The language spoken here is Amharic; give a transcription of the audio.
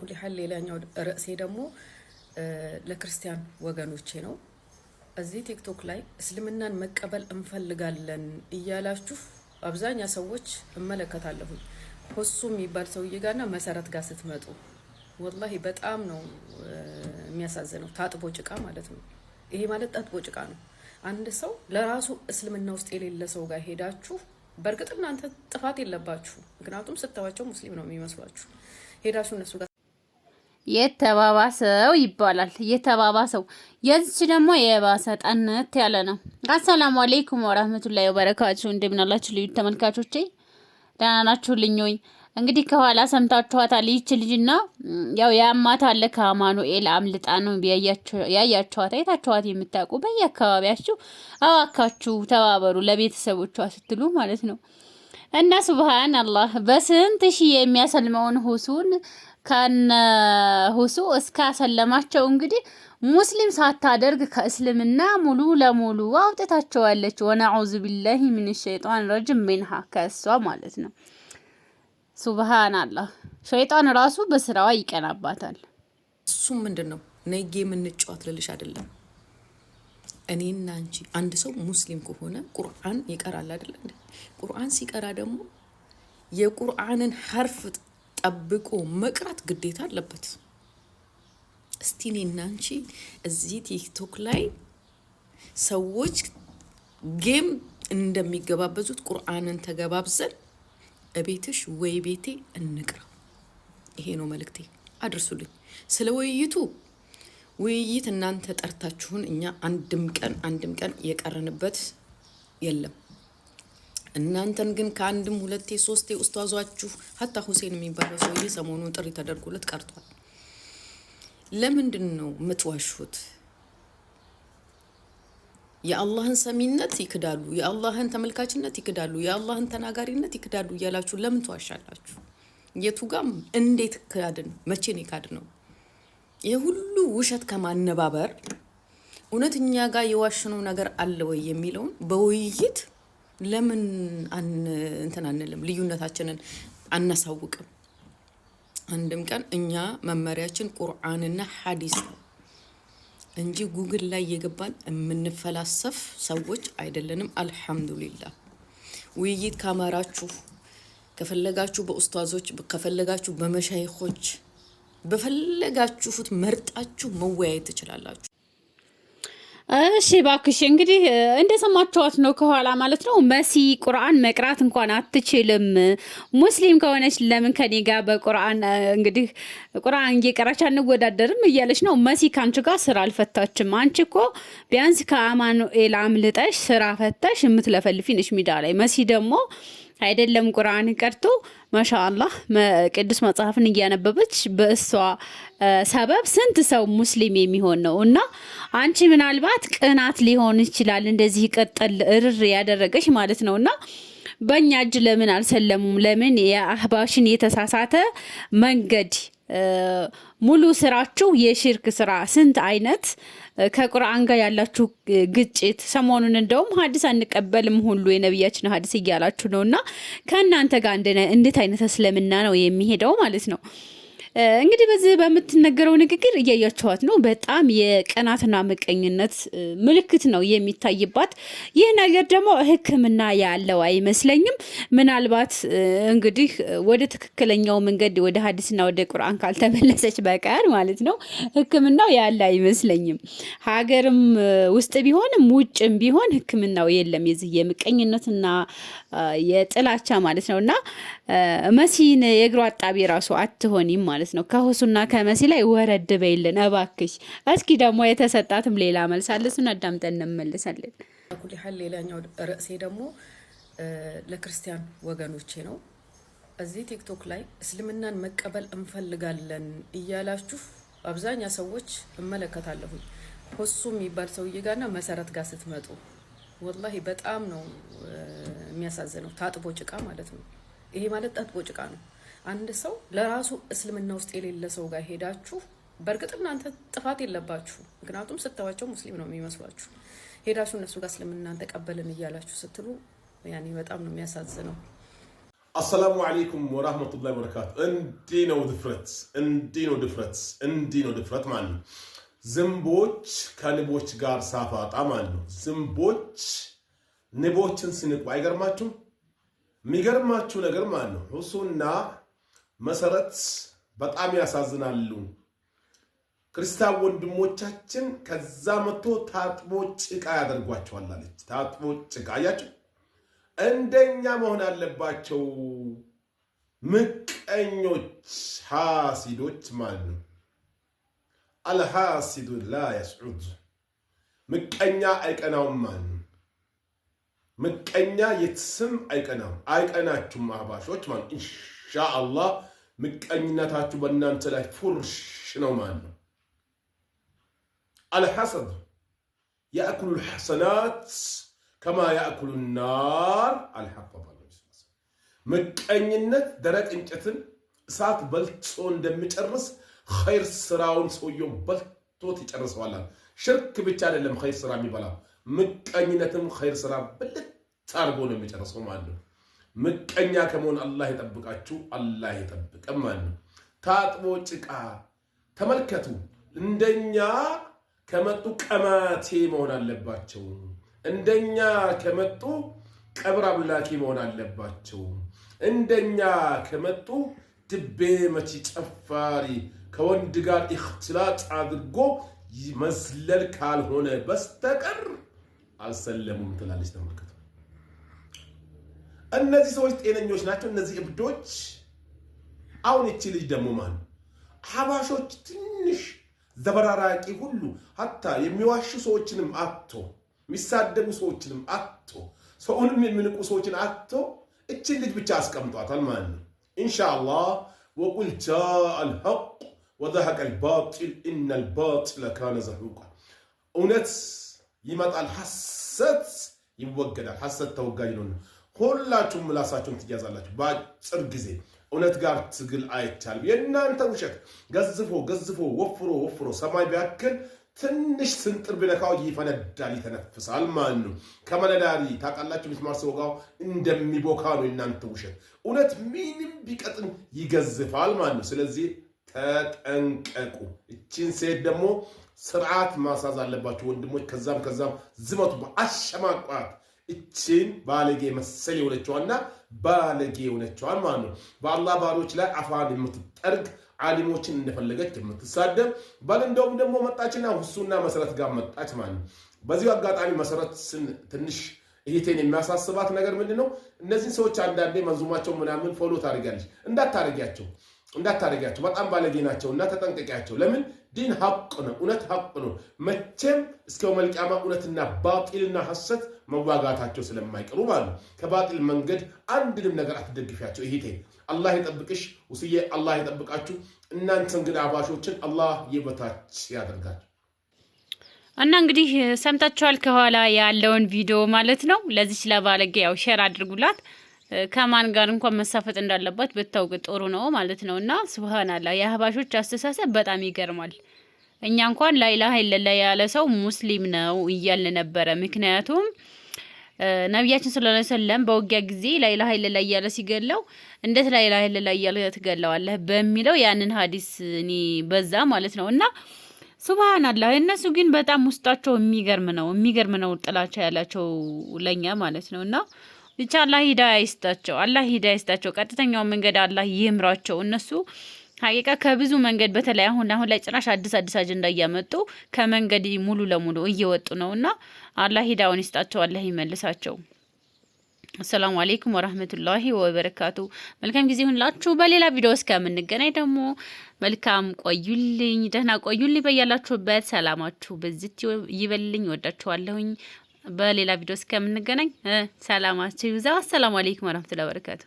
ኩል ያህል ሌላኛው ርዕሴ ደግሞ ለክርስቲያን ወገኖቼ ነው። እዚህ ቲክቶክ ላይ እስልምናን መቀበል እንፈልጋለን እያላችሁ አብዛኛ ሰዎች እመለከታለሁኝ። ሆሱ የሚባል ሰውዬ ጋርና መሰረት ጋር ስትመጡ ወላሂ በጣም ነው የሚያሳዝነው። ታጥቦ ጭቃ ማለት ነው። ይሄ ማለት ታጥቦ ጭቃ ነው። አንድ ሰው ለራሱ እስልምና ውስጥ የሌለ ሰው ጋር ሄዳችሁ፣ በእርግጥ እናንተ ጥፋት የለባችሁ፣ ምክንያቱም ስታዋቸው ሙስሊም ነው የሚመስሏችሁ። ሄዳችሁ እነሱ ጋር የተባባሰው ይባላል። የተባባሰው የዚች ደግሞ የባሰ ጠነት ያለ ነው። አሰላሙ አሌይኩም ወራህመቱላሂ ወበረካቱ። እንደምናላችሁ ልዩ ተመልካቾቼ ደህና ናችሁ? ልኞኝ እንግዲህ ከኋላ ሰምታችኋታል። ይች ልጅና ያው የአማት አለ ከአማኑኤል አምልጣ ነው ያያችኋት፣ አይታችኋት የምታውቁ በየአካባቢያችሁ አዋካችሁ ተባበሩ ለቤተሰቦቿ ስትሉ ማለት ነው እና ሱብሃን አላህ በስንት ሺህ የሚያሰልመውን ሁሱን ከነ ሁሱ እስካሰለማቸው እንግዲህ ሙስሊም ሳታደርግ ከእስልምና ሙሉ ለሙሉ አውጥታቸዋለች። ወነዑዙ ቢላሂ ምን ሸይጣን ረጅም ሚንሃ ከእሷ ማለት ነው። ሱብሃናላህ ሸይጣን ራሱ በስራዋ ይቀናባታል። እሱም ምንድን ነው ነጌ የምንጫወት ልልሽ አይደለም። እኔና አንቺ አንድ ሰው ሙስሊም ከሆነ ቁርአን ይቀራል አይደለ? ቁርአን ሲቀራ ደግሞ የቁርአንን ሀርፍ ጠብቆ መቅረት ግዴታ አለበት። እስቲ እኔና አንቺ እዚህ ቲክቶክ ላይ ሰዎች ጌም እንደሚገባበዙት ቁርአንን ተገባብዘን እቤትሽ ወይ ቤቴ እንቅረው። ይሄ ነው መልእክቴ፣ አድርሱልኝ። ስለ ውይይቱ ውይይት እናንተ ጠርታችሁን እኛ አንድም ቀን አንድም ቀን የቀረንበት የለም። እናንተን ግን ከአንድም ሁለቴ ሶስቴ ውስተዟችሁ ሀታ ሁሴን የሚባለው ሰውዬ ሰሞኑን ጥሪ ተደርጎለት ቀርቷል። ለምንድን ነው የምትዋሹት? የአላህን ሰሚነት ይክዳሉ፣ የአላህን ተመልካችነት ይክዳሉ፣ የአላህን ተናጋሪነት ይክዳሉ እያላችሁ ለምን ትዋሻላችሁ? ጋም እንዴት ካድን? መቼ ነው ካድ ነው? ይህ ሁሉ ውሸት ከማነባበር እውነትኛ ጋር የዋሽነው ነገር አለ ወይ የሚለውን በውይይት ለምን እንትን አንልም? ልዩነታችንን አናሳውቅም? አንድም ቀን እኛ መመሪያችን ቁርአንና ሀዲስ ነው እንጂ ጉግል ላይ እየገባን የምንፈላሰፍ ሰዎች አይደለንም። አልሐምዱሊላህ። ውይይት ካማራችሁ ከፈለጋችሁ በኡስታዞች ከፈለጋችሁ በመሻይኮች በፈለጋችሁት መርጣችሁ መወያየት ትችላላችሁ። እሺ ባክሽ እንግዲህ እንደሰማችኋት ነው ከኋላ ማለት ነው። መሲ ቁርአን መቅራት እንኳን አትችልም። ሙስሊም ከሆነች ለምን ከኔ ጋር በቁርአን እንግዲህ ቁርአን እየቀራች አንወዳደርም እያለች ነው። መሲ ከአንቺ ጋር ስራ አልፈታችም። አንቺ እኮ ቢያንስ ከአማኑኤል አምልጠሽ ስራ ፈተሽ የምትለፈልፊ ነሽ ሚዳ ላይ። መሲ ደግሞ አይደለም ቁርአን ቀርቶ ማሻአላህ ቅዱስ መጽሐፍን እያነበበች በእሷ ሰበብ ስንት ሰው ሙስሊም የሚሆን ነው። እና አንቺ ምናልባት ቅናት ሊሆን ይችላል እንደዚህ ቀጠል እርር ያደረገች ማለት ነው እና በእኛ እጅ ለምን አልሰለሙም? ለምን የአህባሽን የተሳሳተ መንገድ ሙሉ ስራችሁ የሽርክ ስራ ስንት አይነት ከቁርአን ጋር ያላችሁ ግጭት ሰሞኑን እንደውም ሀዲስ አንቀበልም ሁሉ የነቢያችን ሀዲስ እያላችሁ ነው እና ከእናንተ ጋር እንዴት አይነት እስልምና ነው የሚሄደው ማለት ነው። እንግዲህ በዚህ በምትነገረው ንግግር እያያቸዋት ነው። በጣም የቀናትና ምቀኝነት ምልክት ነው የሚታይባት። ይህ ነገር ደግሞ ሕክምና ያለው አይመስለኝም። ምናልባት እንግዲህ ወደ ትክክለኛው መንገድ ወደ ሀዲስና ወደ ቁርአን ካልተመለሰች በቀር ማለት ነው ሕክምናው ያለ አይመስለኝም። ሀገርም ውስጥ ቢሆንም ውጭም ቢሆን ሕክምናው የለም የዚህ የምቀኝነትና የጥላቻ ማለት ነው እና መሲን የእግሯ አጣቢ ራሱ አትሆኒም ማለት ማለት ነው። ከሁሱና ከመሲ ላይ ወረድ በይልን እባክሽ። እስኪ ደግሞ የተሰጣትም ሌላ መልስ አለ፣ እሱን አዳምጠን እንመልሳለን። ኩሊሀል ሌላኛው ርዕሴ ደግሞ ለክርስቲያን ወገኖቼ ነው። እዚህ ቲክቶክ ላይ እስልምናን መቀበል እንፈልጋለን እያላችሁ አብዛኛ ሰዎች እመለከታለሁኝ። ሁሱ የሚባል ሰውዬ ጋርና መሰረት ጋር ስትመጡ ወላሂ በጣም ነው የሚያሳዝነው። ታጥቦ ጭቃ ማለት ነው። ይሄ ማለት ታጥቦ ጭቃ ነው። አንድ ሰው ለራሱ እስልምና ውስጥ የሌለ ሰው ጋር ሄዳችሁ በእርግጥ እናንተ ጥፋት የለባችሁ። ምክንያቱም ስተዋቸው ሙስሊም ነው የሚመስሏችሁ። ሄዳችሁ እነሱ ጋር እስልምናን ተቀበልን እያላችሁ ስትሉ ያኔ በጣም ነው የሚያሳዝነው። አሰላሙ አለይኩም ወራህመቱላሂ ወበረካቱ። እንዲህ ነው ድፍረት፣ እንዲህ ነው ድፍረት፣ እንዲህ ነው ድፍረት ማለት ነው። ዝንቦች ከንቦች ጋር ሳፋጣ ማለት ነው። ዝንቦች ንቦችን ስንቁ አይገርማችሁም? የሚገርማችሁ ነገር ማለት ነው ሁሱና መሰረት በጣም ያሳዝናሉ። ክርስቲያን ወንድሞቻችን ከዛ መቶ ታጥቦ ጭቃ ያደርጓቸዋል አለች። ታጥቦ ጭቃ አያቸው። እንደኛ መሆን አለባቸው። ምቀኞች ሐሲዶች ማለት ነው። አልሐሲዱ ላ የስዑድ ምቀኛ አይቀናውም ማለት ነው። ምቀኛ የትስም አይቀናም። አይቀናችሁም አህባሾች ማለት ኢንሻአላህ ምቀኝነታችሁ በእናንተ ላይ ፉርሽ ነው ማለት ነው። አልሐሰድ ያእኩሉ ልሐሰናት ከማ ያእኩሉ ናር አልሐጠባ ምቀኝነት ደረቅ እንጨትን እሳት በልጾ እንደሚጨርስ ኸይር ስራውን ሰውየው በልቶት ይጨርሰዋል። ሽርክ ብቻ አይደለም ኸይር ስራ የሚበላ ምቀኝነትም ኸይር ስራ ብልት አድርጎ ነው የሚጨርሰው ማለት ነው። ምቀኛ ከመሆን አላህ ይጠብቃችሁ። አላህ ይጠብቀን ማለት ነው። ታጥቦ ጭቃ ተመልከቱ። እንደኛ ከመጡ ቀማቴ መሆን አለባቸው። እንደኛ ከመጡ ቀብር አምላኪ መሆን አለባቸው። እንደኛ ከመጡ ድቤ መቺ ጨፋሪ ከወንድ ጋር ኢኽትላጥ አድርጎ መስለል ካልሆነ በስተቀር አልሰለሙም ትላለች። ተመልከቱ እነዚህ ሰዎች ጤነኞች ናቸው። እነዚህ እብዶች። አሁን እቺ ልጅ ደግሞ ማን ሀባሾች ትንሽ ዘበራራቂ ሁሉ ሀታ የሚዋሹ ሰዎችንም አቶ የሚሳደቡ ሰዎችንም አቶ ሰውንም የሚንቁ ሰዎችን አቶ እችን ልጅ ብቻ አስቀምጧታል ማለት ነው። ኢንሻአላህ ወቁል ጃአል ሐቅ ወዘሐቀል ባጢል ኢነል ባጢለ ካነ ዘሁቃ። እውነት ይመጣል፣ ሐሰት ይወገዳል። ሐሰት ተወጋጅ ነው። ሁላችሁም ምላሳችሁን ትያዛላችሁ በአጭር ጊዜ። እውነት ጋር ትግል አይቻልም። የእናንተ ውሸት ገዝፎ ገዝፎ ወፍሮ ወፍሮ ሰማይ ቢያክል ትንሽ ስንጥር ቢነካው ይፈነዳል፣ ይተነፍሳል ማን ነው። ከመለዳሪ ታውቃላችሁ፣ ሚስማር ሲወጋው እንደሚቦካ ነው የእናንተ ውሸት። እውነት ምንም ቢቀጥን ይገዝፋል ማን ነው። ስለዚህ ተጠንቀቁ። እቺን ሴት ደግሞ ስርዓት ማሳዝ አለባቸው ወንድሞች። ከዛም ከዛም ዝመቱ በአሸማቋት እችን ባለጌ መሰል የሆነችዋና ባለጌ የሆነችዋን ማለት ነው። በአላህ ባሮች ላይ አፋን የምትጠርግ አሊሞችን እንደፈለገች የምትሳደብ ባል እንደውም ደግሞ መጣችና ሁሱና መሰረት ጋር መጣች ማለት ነው። በዚሁ አጋጣሚ መሰረት ትንሽ እህቴን የሚያሳስባት ነገር ምንድን ነው? እነዚህን ሰዎች አንዳንዴ መንዙማቸው ምናምን ፎሎ ታደርጊያለች፣ እንዳታደርጊያቸው እንዳታደርጊያቸው። በጣም ባለጌ ናቸው እና ተጠንቀቂያቸው። ለምን ዲን ሀቅ ነው፣ እውነት ሀቅ ነው። መቼም እስከ መልቅያማ እውነትና ባጢልና ሐሰት መዋጋታቸው ስለማይቀሩ ማለት ከባጢል መንገድ አንድንም ነገር አትደግፊያቸው። ይሄቴ አላህ የጠብቅሽ ውስዬ፣ አላህ የጠብቃችሁ። እናንተ ግን አባሾችን አላህ የበታች ያደርጋችሁ። እና እንግዲህ ሰምታችኋል ከኋላ ያለውን ቪዲዮ ማለት ነው። ለዚች ለባለጌ ያው ሼር አድርጉላት። ከማን ጋር እንኳን መሳፈጥ እንዳለባት ብታውቅ ጥሩ ነው ማለት ነው። እና ስብሃናላ የአህባሾች አስተሳሰብ በጣም ይገርማል። እኛ እንኳን ላይላ ኢለላህ ያለ ሰው ሙስሊም ነው እያልን ነበረ። ምክንያቱም ነቢያችን ስለ ላ ሰለም በውጊያ ጊዜ ላይላ ኢለላህ እያለ ሲገለው እንዴት ላይላ ኢለላህ እያለ ትገለዋለህ በሚለው ያንን ሀዲስ እኔ በዛ ማለት ነው እና ሱብሃናላህ እነሱ ግን በጣም ውስጣቸው የሚገርም ነው የሚገርም ነው ጥላቻ ያላቸው ለኛ ማለት ነው እና ብቻ አላህ ሂዳያ ይስጣቸው። አላህ ሂዳያ ይስጣቸው። ቀጥተኛው መንገድ አላህ ይምራቸው። እነሱ ሀቂቃ ከብዙ መንገድ በተለይ አሁን አሁን ላይ ጭራሽ አዲስ አዲስ አጀንዳ እያመጡ ከመንገድ ሙሉ ለሙሉ እየወጡ ነው እና አላህ ሂዳውን ይስጣቸው። አላህ ይመልሳቸው። አሰላሙ አሌይኩም ወራህመቱላሂ ወበረካቱ። መልካም ጊዜ ሁንላችሁ። በሌላ ቪዲዮ እስከምንገናኝ ደግሞ መልካም ቆዩልኝ፣ ደህና ቆዩልኝ። በያላችሁበት ሰላማችሁ በዝት ይበልልኝ። ወዳችኋለሁኝ። በሌላ ቪዲዮ እስከምንገናኝ ሰላማችሁ ይብዛ። አሰላሙ አለይኩም ወራህመቱላሂ ወበረካቱ።